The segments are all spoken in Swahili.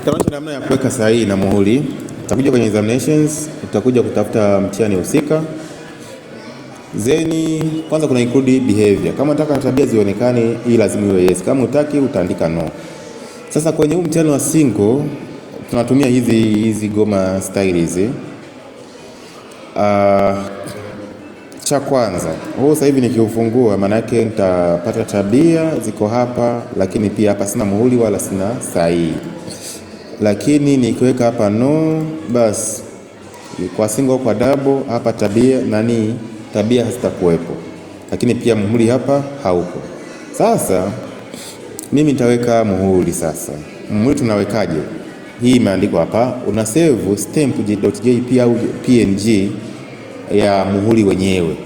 Mtaonyesha namna ya kuweka sahihi na muhuri. Utakuja kwenye examinations, utakuja kutafuta mtihani husika. Zeni kwanza kuna include behavior. Kama unataka tabia zionekane, hii lazima iwe yes. Kama utaki utaandika no. Sasa kwenye huu mtihani wa single tunatumia hizi hizi goma style hizi. Uh, ah, cha kwanza huu sasa hivi nikiufungua, yake nitapata tabia ziko hapa, lakini pia hapa sina muhuri wala sina sahihi. Lakini nikiweka hapa no, basi kwa single kwa double hapa tabia nani, tabia hazitakuwepo, lakini pia muhuri hapa haupo. Sasa mimi nitaweka muhuri. Sasa muhuri tunawekaje? Hii imeandikwa hapa, una save stamp.jpg au png ya muhuri wenyewe.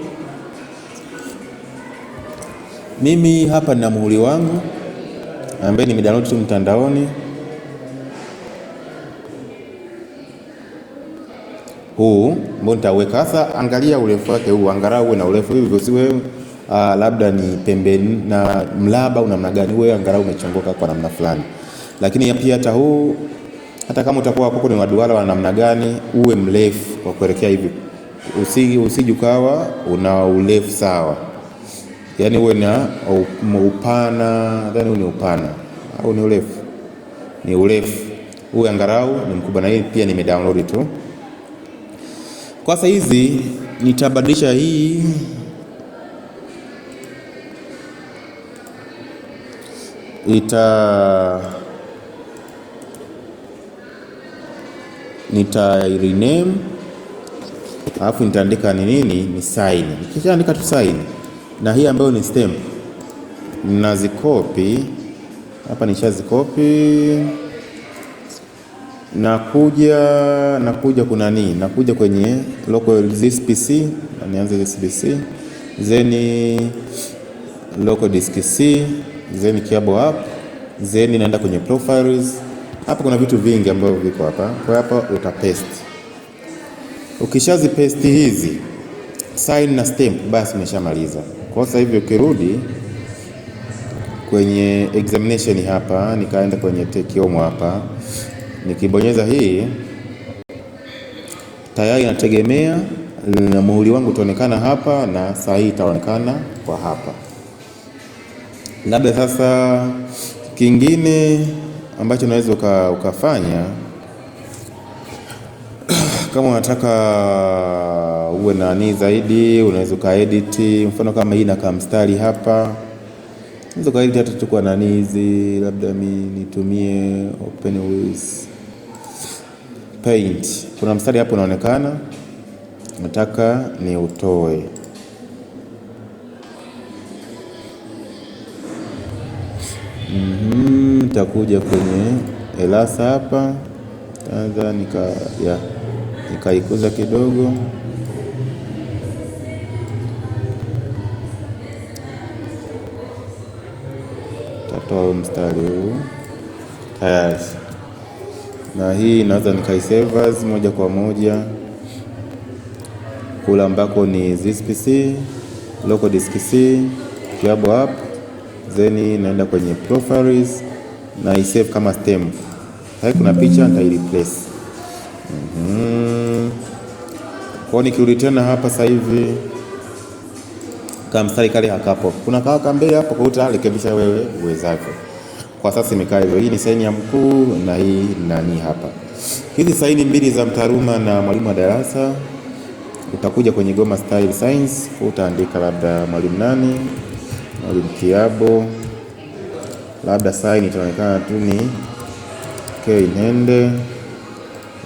Mimi hapa nina muhuri wangu ambaye nimedownload tu mtandaoni. Huu mbona nitaweka sasa, angalia urefu wake huu, angalau uwe na urefu hivi, usiwe ah, labda ni pembe na mraba au namna gani, uwe angalau umechongoka kwa namna fulani. Lakini pia hata huu, hata kama utakuwa kwako ni maduara wa namna gani, uwe mrefu kwa kuelekea hivi usiji usiji ukawa una urefu sawa, yaani uwe na upana, nadhani ni upana au ni urefu? Ni urefu, huyu angalau ni mkubwa. Na hii pia nimedownload tu kwa sasa. Hizi nitabadilisha hii ita nita rename alafu nitaandika ni nini, ni sign. Nikishaandika tu sign na hii ambayo ni stamp nazikopi hapa, nishazikopi nakuja nakuja kuna nini, nakuja kwenye local this PC, nianze this PC, then local disk C, then kiabo app, then naenda kwenye profiles. Hapa kuna vitu vingi ambavyo viko hapa, kwa hapa utapaste Ukishazipesti hizi sign na stamp, basi umeshamaliza. Kwa sasa hivi ukirudi kwenye examination hapa, nikaenda kwenye take home hapa, nikibonyeza hii tayari inategemea na muhuri wangu utaonekana hapa na sahihi itaonekana kwa hapa. Labda sasa kingine ambacho unaweza ukafanya kama unataka uwe nani zaidi, unaweza ukaedit. Mfano kama hii kama mstari hapa, unaweza ukaedit hata tukua nani hizi, labda mi nitumie open with paint. Kuna mstari hapo unaonekana, nataka ni utoe mhm, nitakuja mm -hmm, kwenye elasa hapa, kwanza nika yeah nikaikuza kidogo tatoa mstari huu tayari, na hii naweza nikaisave as moja kwa moja kule ambako ni ZSPC local disk C kiabo app, then naenda kwenye profiles na isave kama stem. Hai kuna picha nitaireplace Mm-hmm. Kwa nikirudi tena hapa sasa hivi mstari kale hakapo kuna kawaka mbele hapo, kwa utarekebisha wewe uwezavyo. Kwa sasa imekaa hivyo. Hii ni saini ya mkuu na hii nani hapa, hizi saini mbili za mtaruma na mwalimu wa darasa. Utakuja kwenye Goma Style Science utaandika labda mwalimu nani, mwalimu Kiabo, labda saini itaonekana tu ni Kinende.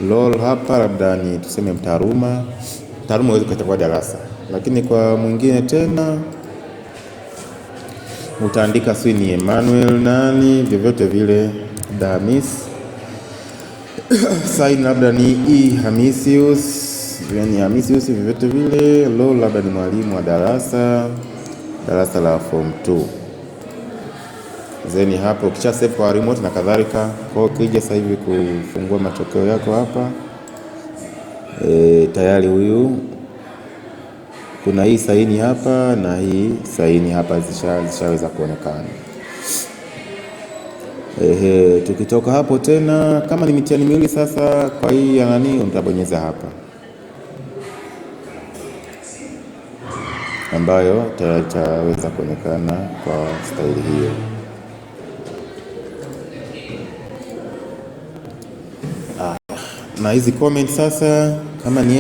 LOL hapa labda ni tuseme mtaaruma taaluma huwezi kuchagua darasa, lakini kwa mwingine tena utaandika si ni Emmanuel nani vyovyote vile da Hamisi labda ni E Hamisius yani Hamisius vyovyote vile. LOL labda ni mwalimu wa darasa darasa la form 2. Then hapo ukisha save kwa remote na kadhalika. Kwa hiyo ukija sasa hivi kufungua matokeo yako hapa e, tayari huyu kuna hii saini hapa na hii saini hapa zishaweza zisha kuonekana. Ehe, tukitoka hapo tena, kama ni mitihani miwili sasa, kwa hii ya nani utabonyeza hapa ambayo tayari itaweza kuonekana kwa staili hiyo. na hizi comment sasa, kama ni